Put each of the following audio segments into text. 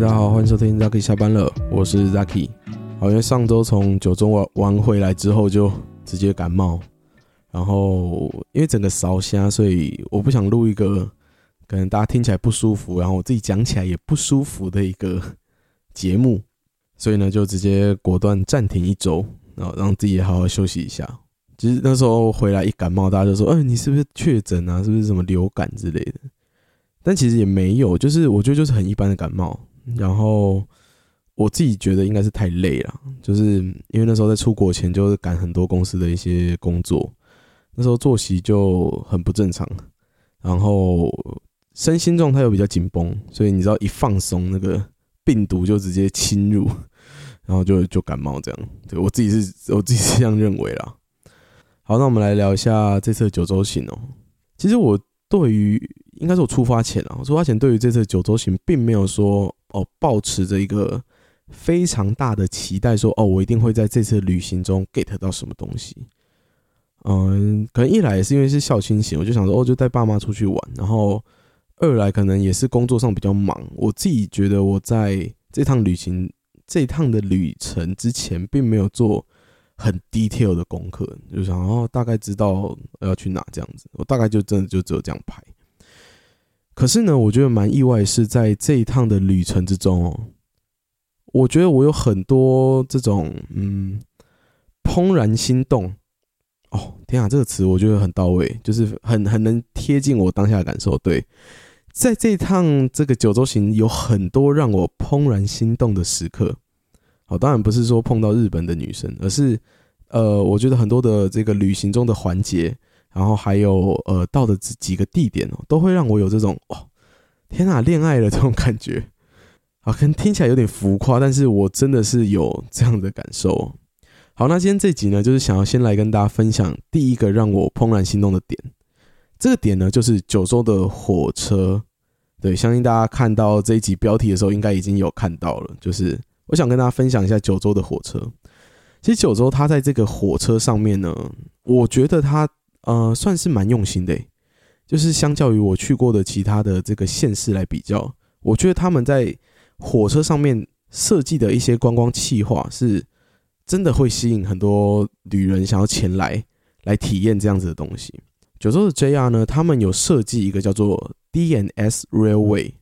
大家好，歡迎收聽 Zaki 下班了，我是 Zaki。好，因為上周從九州玩玩回來之後，就直接感冒，然後因為整個燒蝦，所以我不想錄一個可能大家聽起來不舒服，然後我自己講起來也不舒服的一個節目，所以呢，就直接果斷暫停一周，然後讓自己也好好休息一下。其實那時候回來一感冒，大家就說：“哎、欸，你是不是確診啊？是不是什麼流感之類的？”但其實也沒有，就是我覺得就是很一般的感冒。然後我自己覺得應該是太累了，就是因為那時候在出國前就是趕很多公司的一些工作，那時候作息就很不正常，然後身心狀態又比較緊繃，所以你知道一放鬆，那個病毒就直接侵入，然後就就感冒這樣。對我自己是我自己是這樣認為啦。好，那我們來聊一下這次的九州行哦。其實我對於應該是我出發前啊，出發前對於這次九州行並沒有說。哦，抱持着一個非常大的期待說，說哦，我一定會在這次旅行中 get 到什麼東西。嗯，可能一來也是因為是孝心行，我就想說，哦，就帶爸媽出去玩。然後二來可能也是工作上比較忙，我自己覺得我在這趟旅行這趟的旅程之前，並沒有做很 detail 的功課，就想哦，大概知道我要去哪這樣子。我大概就真的就只有這樣拍。可是呢，我覺得蠻意外，是在這一趟的旅程之中哦，我覺得我有很多這種嗯，怦然心動哦，天啊，這個詞我覺得很到位，就是很很能貼近我當下的感受。對，在這一趟這個九州行有很多讓我怦然心動的時刻。好，哦，當然不是說碰到日本的女生，而是呃，我覺得很多的這個旅行中的環節。然後還有呃到的這幾個地點哦，都會讓我有這種哦天哪戀愛的這種感覺，啊，可能聽起來有點浮誇，但是我真的是有這樣的感受。好，那今天這集呢，就是想要先來跟大家分享第一個讓我怦然心動的點。這個點呢，就是九州的火車。對，相信大家看到這一集標題的時候，應該已經有看到了，就是我想跟大家分享一下九州的火車。其實九州它在這個火車上面呢，我覺得它呃，算是蠻用心的。欸，就是相較於我去過的其他的這個縣市來比較，我覺得他們在火車上面設計的一些觀光企劃，是真的會吸引很多旅人想要前來來體驗這樣子的東西。九州的 JR 呢，他們有設計一個叫做 DNS Railway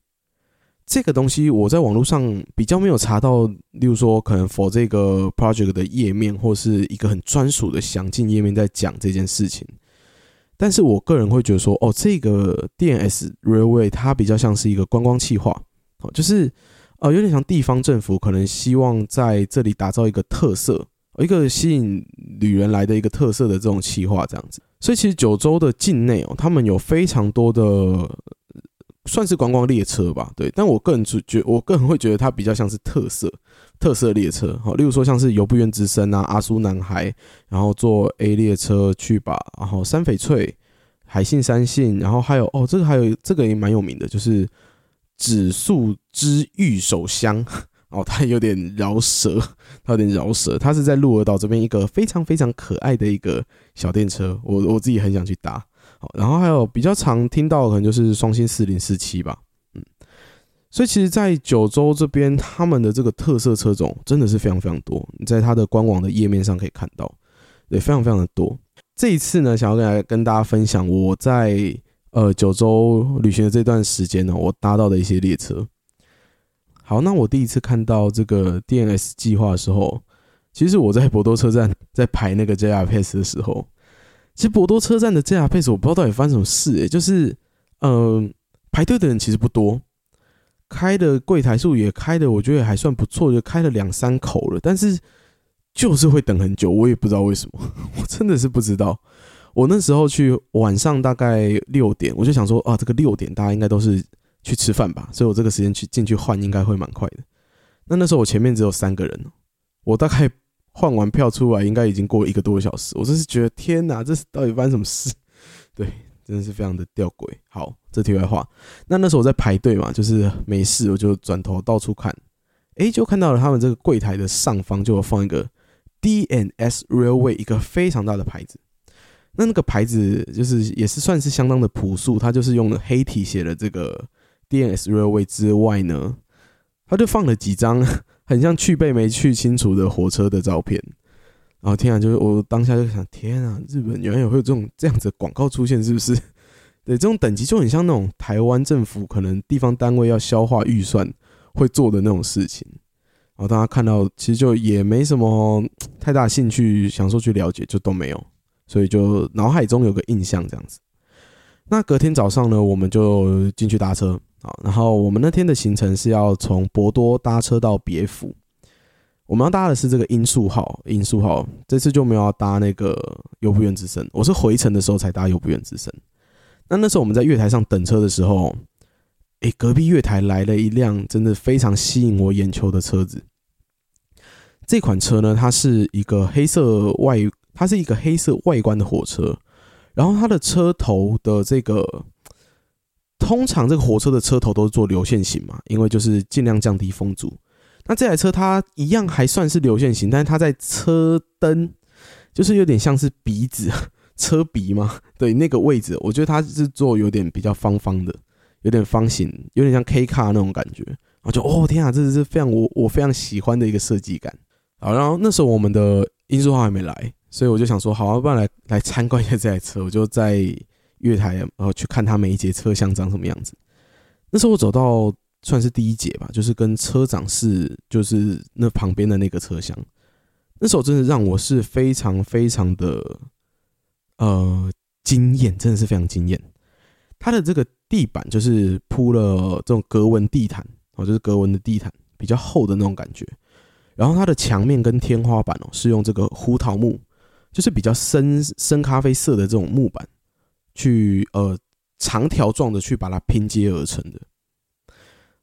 這個東西，我在網絡上比較沒有查到，例如說可能 for 這個 project 的頁面或是一個很專屬的詳盡頁面在講這件事情。但是我個人會覺得說，哦，這個 D&S Railway 它比較像是一個觀光企劃，哦，就是，呃，有點像地方政府可能希望在這裡打造一個特色，一個吸引旅人來的一個特色的這種企劃，這樣子。所以其實九州的境內哦，他們有非常多的。算是觀光列車吧，對，但我個人主覺，我個人會覺得它比較像是特色特色列車，哈，例如說像是由布院之森啊、阿蘇男孩，然後坐 A 列車去吧，然後山翡翠、海幸山幸，然後還有哦、喔，這個還有這個也蠻有名的，就是指宿之玉手箱，哦，它有點饒舌，它有點饒舌，它是在鹿兒島這邊一個非常非常可愛的一個小電車，我我自己很想去搭。然後還有比較常聽到的，可能就是雙星四零四七吧，嗯，所以其實，在九州這邊，他們的這個特色車種真的是非常非常多。你在它的官網的頁面上可以看到，對，非常非常的多。這一次呢，想要來跟大家分享我在呃九州旅行的這段時間呢，我搭到的一些列車。好，那我第一次看到這個 DNS 計劃的時候，其實我在博多車站在排那個 JR Pass 的時候。其實博多車站的這家配置，我不知道到底發生什麼事。誒，就是，嗯，排隊的人其實不多，開的櫃台數也開的，我覺得也還算不錯，就開了兩三口了。但是就是會等很久，我也不知道為什麼，我真的是不知道。我那時候去晚上大概六點，我就想說啊，這個六點大家應該都是去吃飯吧，所以我這個時間去進去換應該會蠻快的。那那時候我前面只有三個人，我大概。換完票出來，應該已經過了一個多小時。我真是覺得天哪，這是到底發生什麼事？對，真的是非常的弔詭。好，這題外話。那那時候我在排隊嘛，就是沒事，我就轉頭到處看。誒，就看到了他們這個櫃檯的上方，就有放一個 D N S Railway，一個非常大的牌子。那那個牌子就是也是算是相當的樸素，它就是用了黑體寫的這個 D N S Railway 之外呢，它就放了幾張。很像去背沒去清楚的火車的照片，然後天啊，就是我當下就想，天啊，日本原來也會有這種這樣子廣告出現，是不是？對，這種等級就很像那種台灣政府可能地方單位要消化預算會做的那種事情，然後大家看到其實就也沒什麼太大興趣，想說去了解就都沒有，所以就腦海中有個印象這樣子。那隔天早上呢，我們就進去搭車啊。然後我們那天的行程是要從博多搭車到別府。我們要搭的是這個音速號，音速號。這次就沒有要搭那個由布院之森。我是回程的時候才搭由布院之森。那那時候我們在月台上等車的時候，誒、欸，隔壁月台來了一輛真的非常吸引我眼球的車子。這款車呢，它是一個黑色外，它是一個黑色外觀的火車。然後它的車頭的這個，通常這個火車的車頭都是做流線型嘛，因為就是盡量降低風阻。那這台車它一樣還算是流線型，但是它在車燈，就是有點像是鼻子，車鼻嘛，對，那個位置，我覺得它是做有點比較方方的，有點方形，有點像 K 卡那種感覺。我就哦天啊，這是非常我我非常喜歡的一個設計感。好，然後那時候我們的音速號還沒來。所以我就想說，好，要不然來來參觀一下這台車。我就在月台哦、呃、去看它每一節車廂長什麼樣子。那時候我走到算是第一節吧，就是跟車長室就是那旁邊的那個車廂。那時候真的讓我是非常非常的呃驚豔，真的是非常驚豔。它的這個地板就是鋪了這種格紋地毯哦、呃，就是格紋的地毯，比較厚的那種感覺。然後它的牆面跟天花板哦、呃、是用這個胡桃木。就是比較深深咖啡色的這種木板，去呃長條狀的去把它拼接而成的。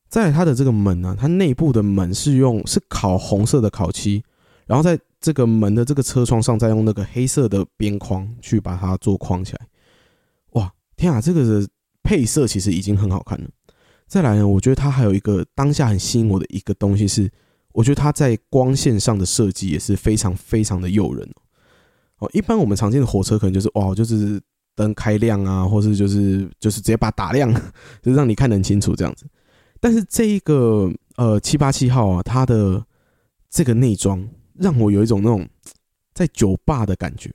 在它的這個門呢、啊，它內部的門是用是烤紅色的烤漆，然後在這個門的這個車窗上，再用那個黑色的邊框去把它做框起來。哇，天啊，這個的配色其實已經很好看了。再來呢，我覺得它還有一個當下很吸引我的一個東西是，我覺得它在光線上的設計也是非常非常的誘人。一般我們常見的火車可能就是哇，就是燈開亮啊，或是就是就是直接把它打亮，就是讓你看得很清楚這樣子。但是這一個呃787號啊，它的這個內裝讓我有一種那種在酒吧的感覺。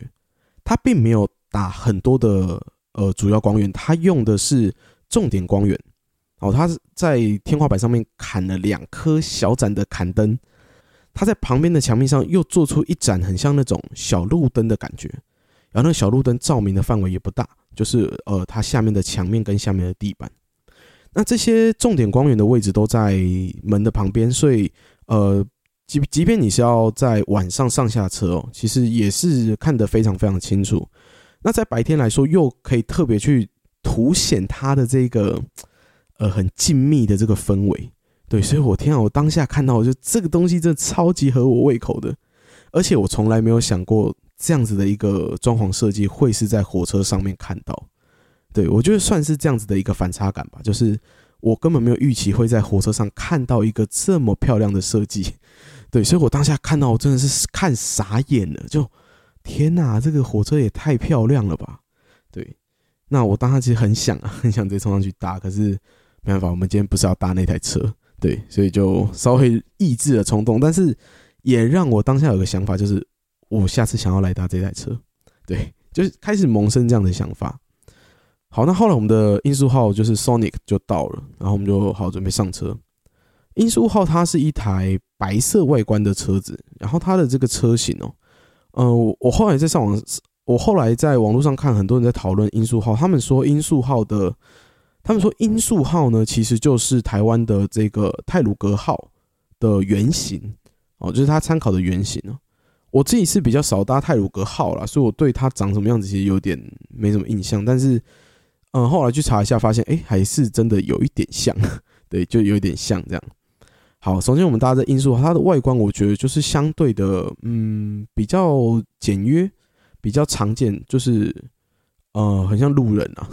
它並沒有打很多的呃主要光源，它用的是重點光源。哦，它在天花板上面嵌了兩顆小盞的嵌燈。他在旁邊的牆面上又做出一盞很像那種小路燈的感覺，然後那小路燈照明的範圍也不大，就是呃，它下面的牆面跟下面的地板。那這些重點光源的位置都在門的旁邊，所以呃，即即便你是要在晚上上下車哦，其實也是看得非常非常清楚。那在白天來說，又可以特別去凸顯它的這個呃很靜謐的這個氛圍。對，所以我天啊，我當下看到我就這個東西，真的超級合我胃口的，而且我從來沒有想過這樣子的一個裝潢設計會是在火車上面看到。對，我覺得算是這樣子的一個反差感吧，就是我根本沒有預期會在火車上看到一個這麼漂亮的設計。對，所以我當下看到我真的是看傻眼了，就天吶，這個火車也太漂亮了吧？對，那我當下其實很想啊，很想直接衝上去搭，可是，沒辦法，我們今天不是要搭那台車。對，所以就稍微抑制了衝動，但是也讓我當下有個想法，就是我下次想要來搭這台車，對，就是開始萌生這樣的想法。好，那後來我們的音速號就是 Sonic 就到了，然後我們就好準備上車。音速號它是一台白色外觀的車子，然後它的這個車型哦、喔，呃，我後來在上網，我後來在網絡上看，很多人在討論音速號，他們說音速號的。他們說“音速號”呢，其實就是台灣的這個太魯閣號的原型哦，就是它參考的原型。我自己是比較少搭太魯閣號啦，所以我對它長什麼樣子其實有點沒什麼印象。但是，嗯，後來去查一下，發現誒、欸，還是真的有一點像，對，就有一點像這樣。好，首先我們搭的音速號，它的外觀我覺得就是相對的，嗯，比較簡約，比較常見，就是。呃，很像路人啊，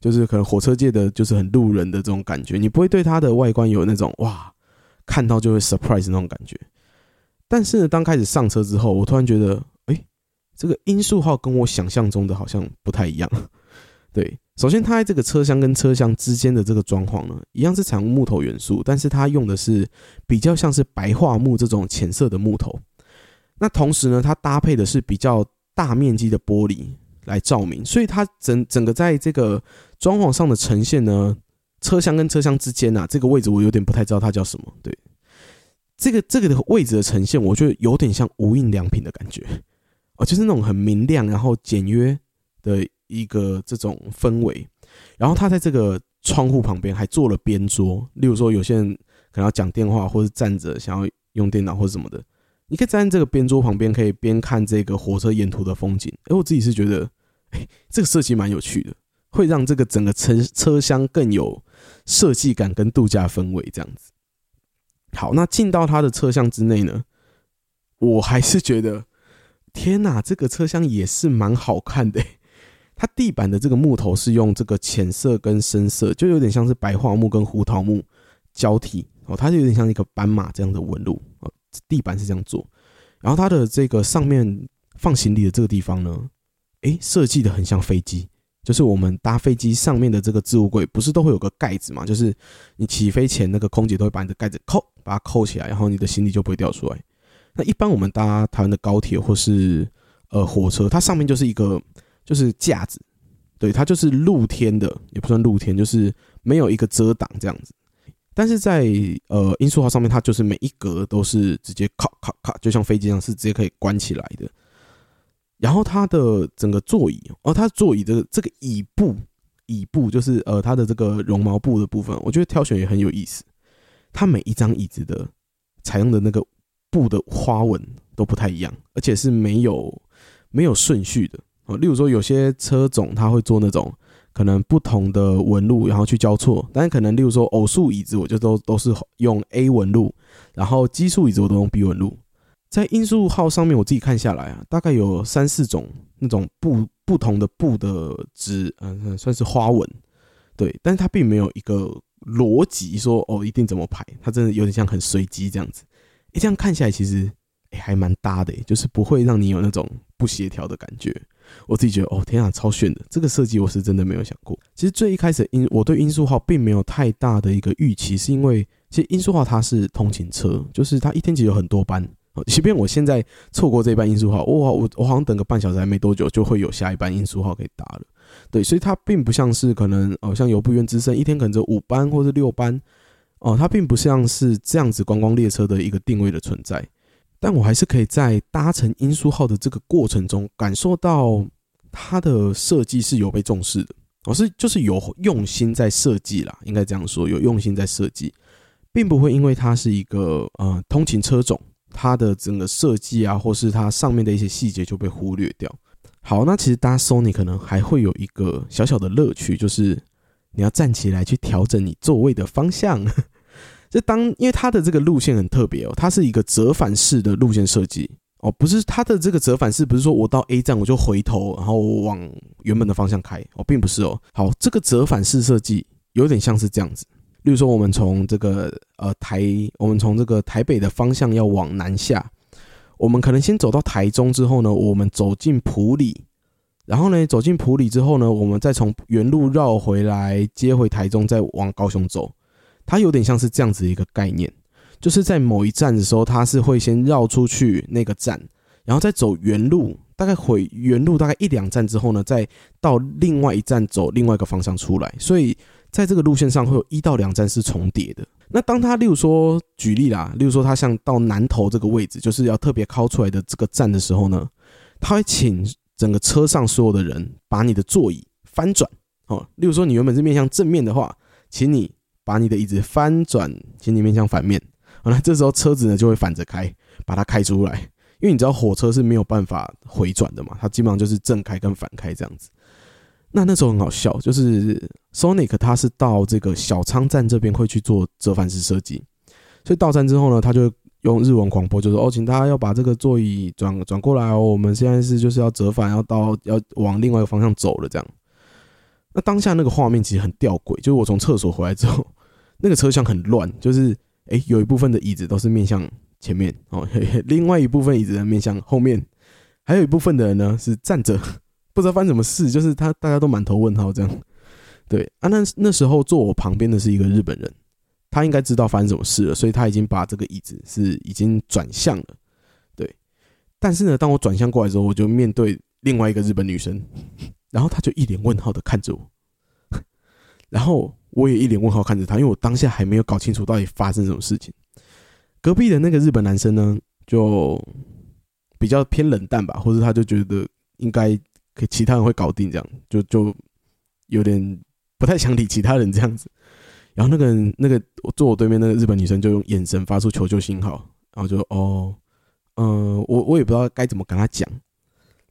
就是可能火車界的就是很路人的這種感覺，你不會對它的外觀有那種哇，看到就會 surprise 那種感覺。但是呢，當開始上車之後，我突然覺得，誒、欸，這個音速號跟我想象中的好像不太一樣。對，首先它在這個車廂跟車廂之間的這個裝潢呢，一樣是採用木頭元素，但是它用的是比較像是白樺木這種淺色的木頭。那同時呢，它搭配的是比較大面積的玻璃。來照明，所以它整整個在這個裝潢上的呈現呢，車廂跟車廂之間啊，這個位置我有點不太知道它叫什麼。對，這個這個的位置的呈現，我覺得有點像無印良品的感覺，哦，就是那種很明亮然後簡約的一個這種氛圍。然後它在這個窗戶旁邊還做了邊桌，例如說有些人可能要講電話或者站着想要用電腦或者什麼的，你可以站在這個邊桌旁邊，可以邊看這個火車沿途的風景。誒，我自己是覺得。欸，這個設計蠻有趣的，會讓這個整個車車廂更有設計感跟度假氛圍這樣子。好，那進到它的車廂之內呢，我還是覺得，天哪、啊，這個車廂也是蠻好看的、欸。它地板的這個木頭是用這個淺色跟深色，就有點像是白樺木跟胡桃木交替哦，它就有點像一個斑馬這樣的紋路、哦、地板是這樣做，然後它的這個上面放行李的這個地方呢。誒，設計的很像飛機，就是我們搭飛機上面的這個置物櫃，不是都會有個蓋子嘛？就是你起飛前，那個空姐都會把你的蓋子扣，把它扣起來，然後你的行李就不會掉出來。那一般我們搭台灣的高鐵或是呃火車，它上面就是一個就是架子，對，它就是露天的，也不算露天，就是沒有一個遮擋這樣子。但是在呃音速號上面，它就是每一格都是直接卡卡卡，就像飛機一樣，是直接可以關起來的。然後它的整個座椅，哦，它座椅的這個、這個、椅布，椅布就是呃，它的這個絨毛布的部分，我覺得挑選也很有意思。它每一張椅子的採用的那個布的花紋都不太一樣，而且是沒有沒有順序的。啊、哦，例如說有些車種它會做那種可能不同的紋路，然後去交錯。但是可能例如說偶數椅子，我就都都是用 A 紋路，然後奇數椅子我都用 B 紋路。在音速號上面，我自己看下來啊，大概有三四種那種不不同的布的織，嗯、呃，算是花紋，對，但是它並沒有一個邏輯說哦一定怎麼排，它真的有點像很隨機這樣子。誒、欸，這樣看起來其實、欸、還蠻搭的、欸，就是不會讓你有那種不協調的感覺。我自己覺得哦，天啊，超炫的這個設計，我是真的沒有想過。其實最一開始音，我對音速號並沒有太大的一個預期，是因為其實音速號它是通勤車，就是它一天其實有很多班。即便我現在錯過這一班音速號，哇，我我好像等個半小時還沒多久，就會有下一班音速號可以搭了。對，所以它並不像是可能哦、呃，像由布院之森一天可能只有五班或者六班，哦、呃，它並不像是這樣子觀光列車的一個定位的存在。但我還是可以在搭乘音速號的這個過程中，感受到它的設計是有被重視的，哦，是就是有用心在設計啦，應該這樣說，有用心在設計，並不會因為它是一個呃通勤車種。它的整個設計啊，或是它上面的一些細節就被忽略掉。好，那其實搭 Sony 可能還會有一個小小的樂趣，就是你要站起來去調整你座位的方向。這當因為它的這個路線很特別哦，它是一個折返式的路線設計哦，不是它的這個折返式不是說我到 A 站我就回頭，然後我往原本的方向開哦，並不是哦。好，這個折返式設計有點像是這樣子。例如說，我們從這個呃台，我們從這個台北的方向要往南下，我們可能先走到台中之後呢，我們走進埔里，然後呢走進埔里之後呢，我們再從原路繞回來接回台中，再往高雄走。它有點像是這樣子一個概念，就是在某一站的時候，它是會先繞出去那個站，然後再走原路，大概回原路大概一兩站之後呢，再到另外一站走另外一個方向出來，所以。在這個路線上會有一到兩站是重疊的。那當他例如說舉例啦，例如說他像到南頭這個位置，就是要特別靠出來的這個站的時候呢，他會請整個車上所有的人把你的座椅翻轉。哦，例如說你原本是面向正面的話，請你把你的椅子翻轉，請你面向反面。好了，這時候車子呢就會反着開，把它開出來，因為你知道火車是沒有辦法回轉的嘛，它基本上就是正開跟反開這樣子。那那時候很好笑，就是 Sonic 他是到這個小倉站這邊會去做折返式設計，所以到站之後呢，他就用日文廣播就說：“哦，請大家要把這個座椅轉轉過來哦，我們現在是就是要折返，要到要往另外一個方向走了這樣。”那當下那個畫面其實很吊詭，就是我從廁所回來之後，那個車廂很亂，就是哎、欸，有一部分的椅子都是面向前面哦呵呵，另外一部分椅子在面向後面，還有一部分的人呢是站着。不知道發生什麼事，就是他大家都滿頭問號這樣。對，對啊。那那時候坐我旁邊的是一個日本人，他應該知道發生什麼事了，所以他已經把這個椅子是已經轉向了，對。但是呢，當我轉向過來之後，我就面對另外一個日本女生，然後他就一臉問號的看着我，然後我也一臉問號看着他，因為我當下還沒有搞清楚到底發生什麼事情。隔壁的那個日本男生呢，就比較偏冷淡吧，或者他就覺得應該。給其他人會搞定，這樣就就有點不太想理其他人這樣子。然後那個人，那個坐我對面那個日本女生就用眼神發出求救信號，然後就哦，嗯、呃，我我也不知道該怎麼跟她講。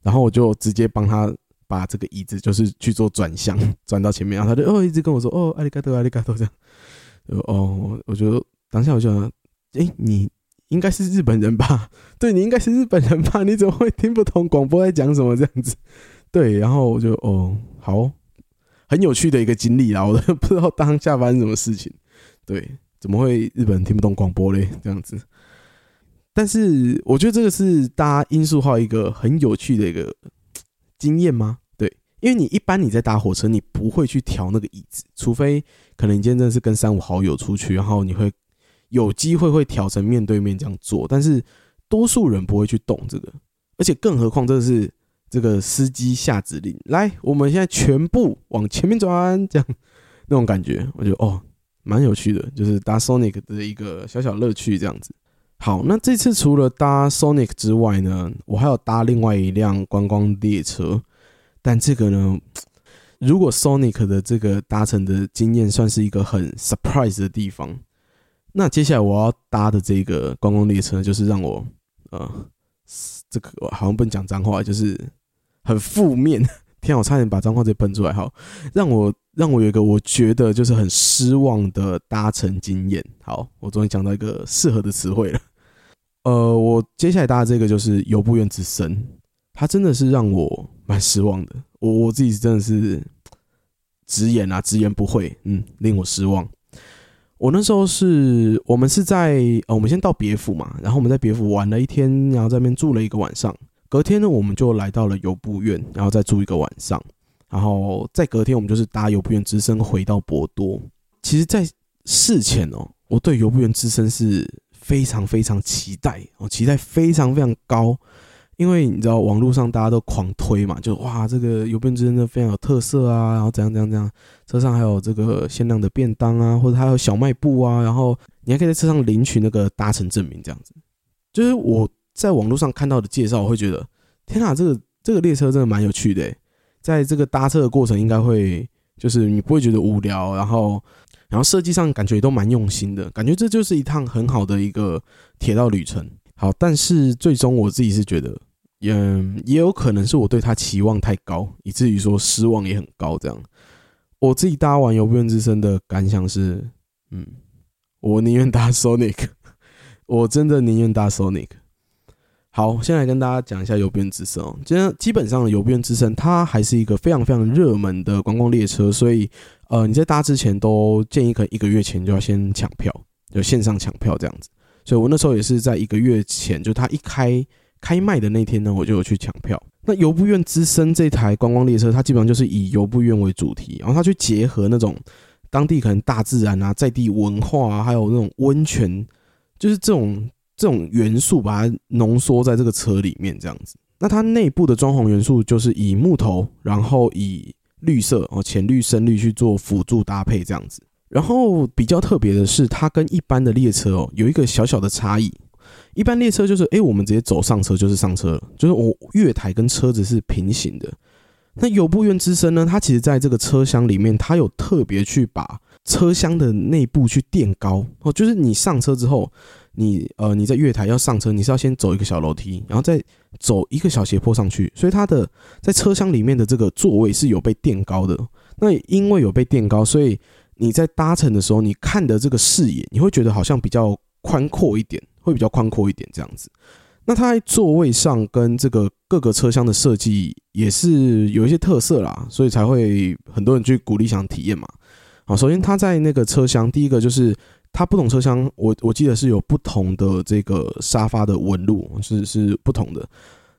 然後我就直接幫她把這個椅子就是去做轉向，轉到前面。然後她就哦一直跟我說哦阿里嘎多阿里嘎多這樣。哦，我就當下我就想，哎、欸、你。應該是日本人吧？對，你應該是日本人吧？你怎麼會聽不懂廣播在講什麼這樣子？對，然後我就哦、嗯，好，很有趣的一個經歷啊！我都不知道當下發生什麼事情。對，怎麼會日本人聽不懂廣播嘞？這樣子，但是我覺得這個是搭音速號一個很有趣的一個經驗嗎？對，因為你一般你在搭火車，你不會去調那個椅子，除非可能你今天真的是跟三五好友出去，然後你會。有機會會調成面對面這樣做，但是多數人不會去動這個，而且更何況這是這個司機下指令。來，我們現在全部往前面轉，這樣那種感覺，我覺得哦蠻有趣的，就是搭 Sonic 的一個小小樂趣這樣子。好，那這次除了搭 Sonic 之外呢，我還有搭另外一輛觀光列車，但這個呢，如果 Sonic 的這個搭乘的經驗算是一個很 surprise 的地方。那接下來我要搭的這個觀光列車，就是讓我，呃，這個我好像不能講髒話，就是很負面。天啊，我差點把髒話直接噴出來。好，讓我讓我有一個我覺得就是很失望的搭乘經驗。好，我終於講到一個適合的詞彙了。呃，我接下來搭的這個就是由布院之森，他真的是讓我蠻失望的。我我自己真的是直言啊，直言不諱，嗯，令我失望。我那時候是，我們是在呃，我們先到別府嘛，然後我們在別府玩了一天，然後在那邊住了一個晚上。隔天呢，我們就來到了由布院，然後再住一個晚上，然後再隔天我們就是搭由布院之身回到博多。其實，在事前哦，我對由布院之身是非常非常期待，我期待非常非常高。因為你知道網絡上大家都狂推嘛，就哇，這個郵遍之真的非常有特色啊，然後怎樣怎樣怎樣，車上還有這個限量的便當啊，或者還有小賣部啊，然後你還可以在車上領取那個搭乘證明，這樣子，就是我在網絡上看到的介紹，我會覺得天哪、啊，這個這個列車真的蠻有趣的、欸，在這個搭車的過程應該會就是你不會覺得無聊，然後然後設計上感覺也都蠻用心的，感覺這就是一趟很好的一個鐵道旅程。好，但是最終我自己是覺得。也、嗯、也有可能是我對他期望太高，以至於說失望也很高。這樣，我自己搭完由布院之森的感想是，嗯，我寧願搭 Sonic，我真的寧願搭 Sonic。好，先來跟大家講一下由布院之森哦。今天基本上由布院之森它還是一個非常非常熱門的觀光列車，所以呃你在搭之前都建議可能一個月前就要先搶票，就線上搶票這樣子。所以我那時候也是在一個月前就它一開。開賣的那天呢，我就有去搶票。那由布院之森這台觀光列車，它基本上就是以由布院為主題，然後它去結合那種當地可能大自然啊、在地文化啊，還有那種溫泉，就是這種這種元素把它濃縮在這個車裡面這樣子。那它內部的裝潢元素就是以木頭，然後以綠色哦淺綠、深綠去做輔助搭配這樣子。然後比較特別的是，它跟一般的列車哦、喔、有一個小小的差異。一般列車就是，誒，我們直接走上車就是上車了，就是我月台跟車子是平行的。那有由布院之森呢，它其實在這個車廂裡面，它有特別去把車廂的內部去墊高哦，就是你上車之後，你呃你在月台要上車，你是要先走一個小樓梯，然後再走一個小斜坡上去，所以它的在車廂裡面的這個座位是有被墊高的。那因為有被墊高，所以你在搭乘的時候，你看的這個視野，你會覺得好像比較寬闊一點。會比較寬闊一點，這樣子。那它在座位上跟這個各個車廂的設計也是有一些特色啦，所以才會很多人去鼓勵想體驗嘛。好，首先它在那個車廂，第一個就是它不同車廂，我我記得是有不同的這個沙發的紋路是，是不同的。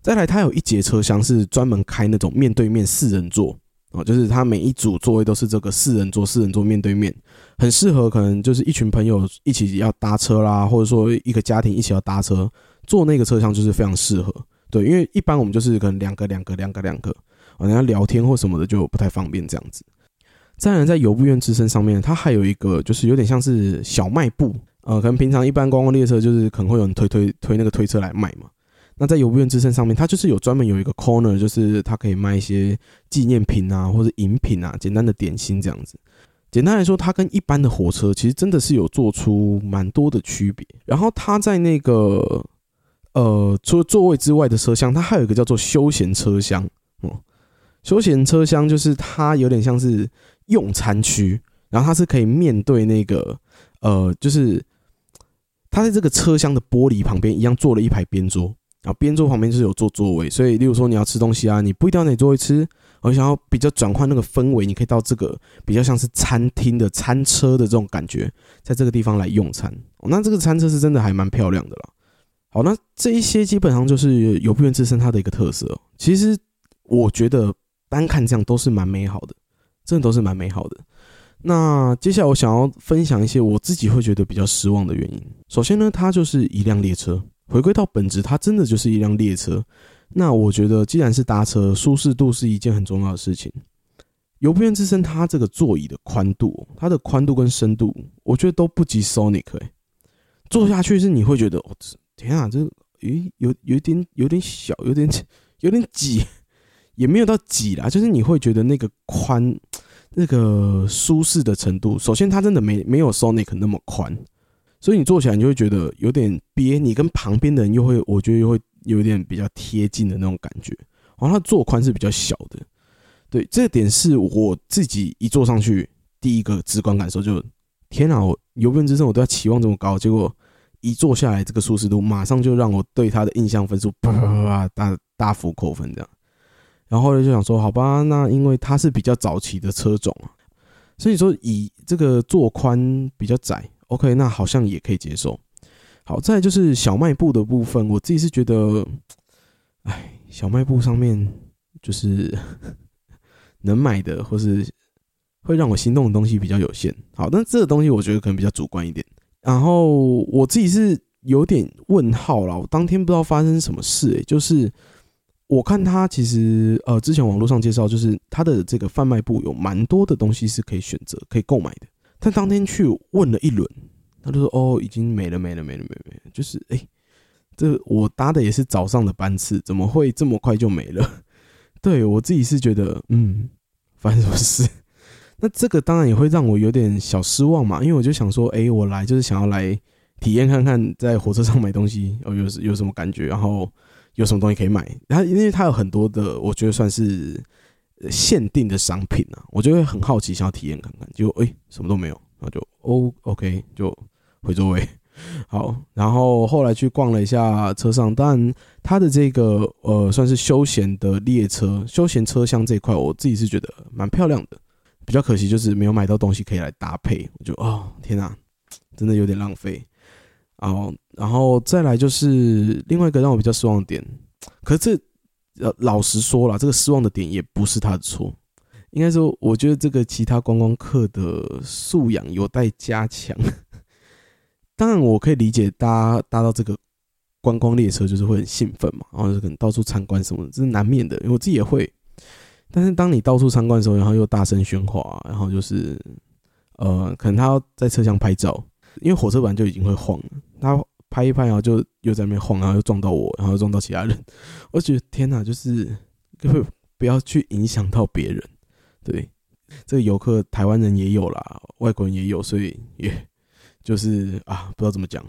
再來，它有一節車廂是專門開那種面對面四人座，哦，就是它每一組座位都是這個四人座，四人座面對面，很適合可能就是一群朋友一起要搭車啦，或者說一個家庭一起要搭車，坐那個車廂就是非常適合。對，因為一般我們就是可能兩個兩個兩個兩個啊，人家聊天或什麼的就不太方便這樣子。再來在由布院之森上面，它還有一個就是有點像是小賣部，呃，可能平常一般觀光列車就是可能會有人推推推那個推車來賣嘛。那在由布院之森上面，它就是有專門有一個 corner，就是它可以賣一些紀念品啊，或者飲品啊，簡單的點心這樣子。簡單來說，它跟一般的火車其實真的是有做出蠻多的區別。然後它在那個呃，除了座位之外的車廂，它還有一個叫做休閒車廂哦。休閒車廂就是它有點像是用餐區，然後它是可以面對那個呃，就是它在這個車廂的玻璃旁邊一樣做了一排邊桌。然後邊座旁邊就是有坐座位，所以例如說你要吃東西啊，你不一定要在座位吃。我想要比較轉換那個氛圍，你可以到這個比較像是餐廳的餐車的這種感覺，在這個地方來用餐。哦、那這個餐車是真的還蠻漂亮的啦。好，那這一些基本上就是由布院之森它的一個特色，喔。其實我覺得單看這樣都是蠻美好的，真的都是蠻美好的。那接下來我想要分享一些我自己會覺得比較失望的原因。首先呢，它就是一輛列車。回歸到本質，它真的就是一輛列車。那我覺得，既然是搭車，舒適度是一件很重要的事情。游邊之身，它這個座椅的寬度，它的寬度跟深度，我覺得都不及 Sonic、欸。哎，坐下去是你會覺得，喔、天啊，這，誒、欸，有有點有點小，有點有點擠，也沒有到擠啦，就是你會覺得那個寬，那個舒適的程度，首先它真的沒沒有 Sonic 那麼寬。所以你坐起來你就會覺得有點憋，你跟旁邊的人又會，我覺得又會有點比較貼近的那種感覺。然後他坐寬是比較小的，對，這點是我自己一坐上去第一個直觀感受就，天哪！我由布院之森我都要期望這麼高，結果一坐下來這個舒適度馬上就讓我對他的印象分數啪啪啪，大大幅扣分這樣。然後呢就想說，好吧，那因為他是比較早期的車種啊，所以說以這個坐寬比較窄。OK，那好像也可以接受好。好，再來就是小賣部的部分，我自己是覺得，哎，小賣部上面就是 能買的或是會讓我心動的東西比較有限。好，但這個東西我覺得可能比較主觀一點。然後我自己是有點問號啦，我當天不知道發生什麼事，欸，就是我看他其實呃之前網絡上介紹，就是他的這個販賣部有蠻多的東西是可以選擇、可以購買的。他當天去問了一輪，他就說：“哦，已經沒了，沒了，沒了，沒了。”就是，哎、欸，這我搭的也是早上的班次，怎麼會這麼快就沒了？對，我自己是覺得，嗯，反正什麼事？那這個當然也會讓我有點小失望嘛，因為我就想說，哎、欸，我來就是想要來體驗看看，在火車上買東西、哦、有有什麼感覺，然後有什麼東西可以買。然後，因為他有很多的，我覺得算是。限定的商品啊，我就會很好奇，想要體驗看看，就欸，什麼都沒有，然後就哦、OK 就回座位。好，然後後來去逛了一下車上，當然它的這個呃算是休閒的列車、休閒車廂這一塊，我自己是覺得蠻漂亮的。比較可惜就是沒有買到東西可以來搭配，我就哦天哪，真的有點浪費。好，然後再來就是另外一個讓我比較失望的點，可是。老實說啦，這個失望的點也不是他的錯，應該說，我覺得這個其他觀光客的素養有待加強。當然，我可以理解搭搭到這個觀光列車就是會很興奮嘛，然後就是可能到處參觀什麼，這是難免的，因為我自己也會。但是當你到處參觀的時候，然後又大聲喧嘩，然後就是呃，可能他要在車廂拍照，因為火車本來就已經會晃了，他。拍一拍，然後就又在那邊晃，然後又撞到我，然後又撞到其他人。我覺得天哪，就是就不要去影響到別人。對，這個遊客，台灣人也有啦，外國人也有，所以也就是啊，不知道怎麼講。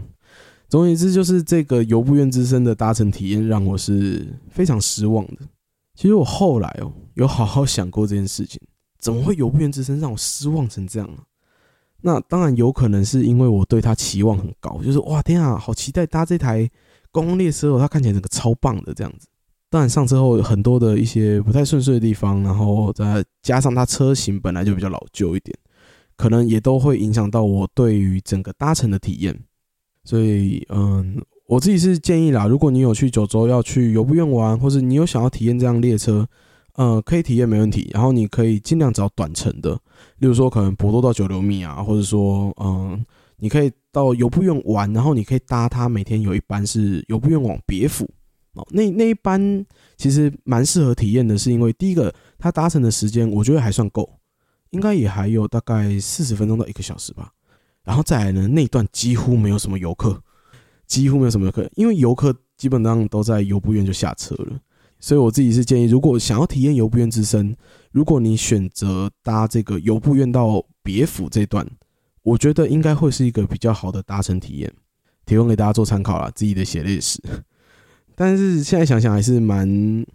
總而言之，就是這個由布院之森的搭乘體驗讓我是非常失望的。其實我後來哦、喔，有好好想過這件事情，怎麼會由布院之森讓我失望成這樣啊？那當然有可能是因為我對他期望很高，就是哇天啊，好期待搭這台公共列車哦，它看起來整個超棒的這樣子。當然上車後有很多的一些不太順遂的地方，然後再加上它車型本來就比較老舊一點，可能也都會影響到我對於整個搭乘的體驗。所以嗯，我自己是建議啦，如果你有去九州要去由布院玩，或是你有想要體驗這樣列車。呃，可以體驗沒問題。然後你可以盡量找短程的，例如說可能博多到久留米啊，或者說，嗯、呃，你可以到由布院玩，然後你可以搭它每天有一班是由布院往別府哦，那那一班其實蠻適合體驗的，是因為第一個它搭乘的時間我覺得還算夠，應該也還有大概四十分鐘到一個小時吧。然後再來呢，那段幾乎沒有什麼遊客，幾乎沒有什麼遊客，因為遊客基本上都在由布院就下車了。所以我自己是建議，如果想要體驗由布院之森，如果你選擇搭這個由布院到別府這段，我覺得應該會是一個比較好的搭乘體驗，提供給大家做參考啦，自己的血淚史。但是現在想想還是蠻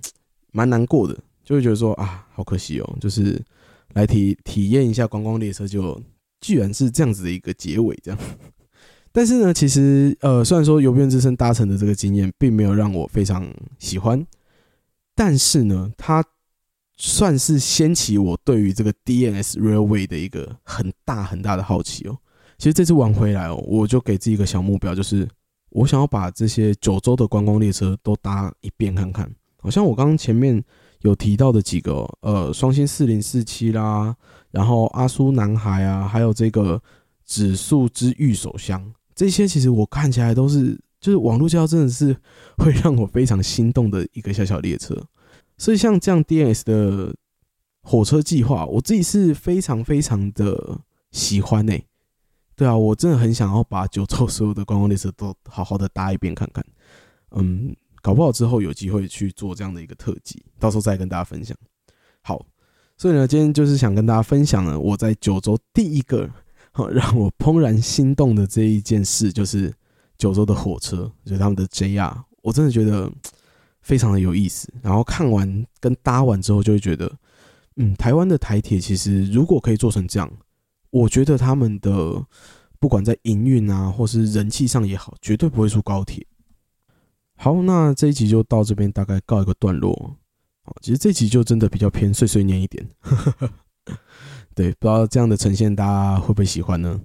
蠻難過的，就會覺得說啊，好可惜哦、喔，就是來體體驗一下觀光列車就，就居然是這樣子的一個結尾這樣。但是呢，其實呃，雖然說由布院之森搭乘的這個經驗並沒有讓我非常喜歡。但是呢，它算是掀起我對於這個 D N S Railway 的一個很大很大的好奇哦、喔。其實這次玩回來哦、喔，我就給自己一個小目標，就是我想要把這些九州的觀光列車都搭一遍看看。好像我剛剛前面有提到的幾個、喔，呃，雙星四零四七啦，然後阿蘇男孩啊，還有這個指宿之玉手箱，這些其實我看起來都是。就是網絡交真的是會讓我非常心動的一個小小列車，所以像這樣 D&S 的火車計劃，我自己是非常非常的喜歡呢、欸。對啊，我真的很想要把九州所有的觀光列車都好好的搭一遍看看。嗯，搞不好之後有機會去做這樣的一個特輯，到時候再跟大家分享。好，所以呢，今天就是想跟大家分享了我在九州第一個讓我怦然心動的這一件事，就是。九州的火車，就是他們的 JR，我真的覺得非常的有意思。然後看完跟搭完之後，就會覺得，嗯，台灣的台鐵其實如果可以做成這樣，我覺得他們的不管在營運啊，或是人氣上也好，絕對不會輸高鐵。好，那這一集就到這邊，大概告一個段落。其實這一集就真的比較偏碎碎念一點。 對，不知道這樣的呈現大家會不會喜歡呢？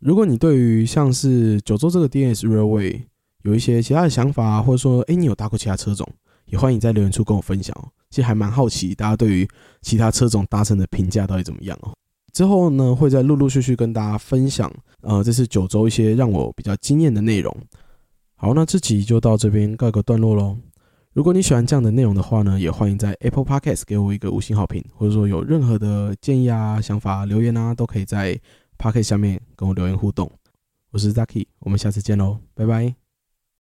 如果你對於像是九州這個 D n S Railway 有一些其他的想法，或者說，欸，你有搭過其他車種，也歡迎在留言處跟我分享哦。其實還蠻好奇大家對於其他車種搭乘的評價到底怎麼樣哦。之後呢，會再陸陸續續跟大家分享，呃，這次九州一些讓我比較驚艷的內容。好，那這集就到這邊告一個段落嘍。如果你喜歡這樣的內容的話呢，也歡迎在 Apple Podcast 給我一個五星好評，或者說有任何的建議啊、想法、留言啊，都可以在。Podcast 下面跟我留言互動，我是 Zaki，我們下次見嘍，拜拜。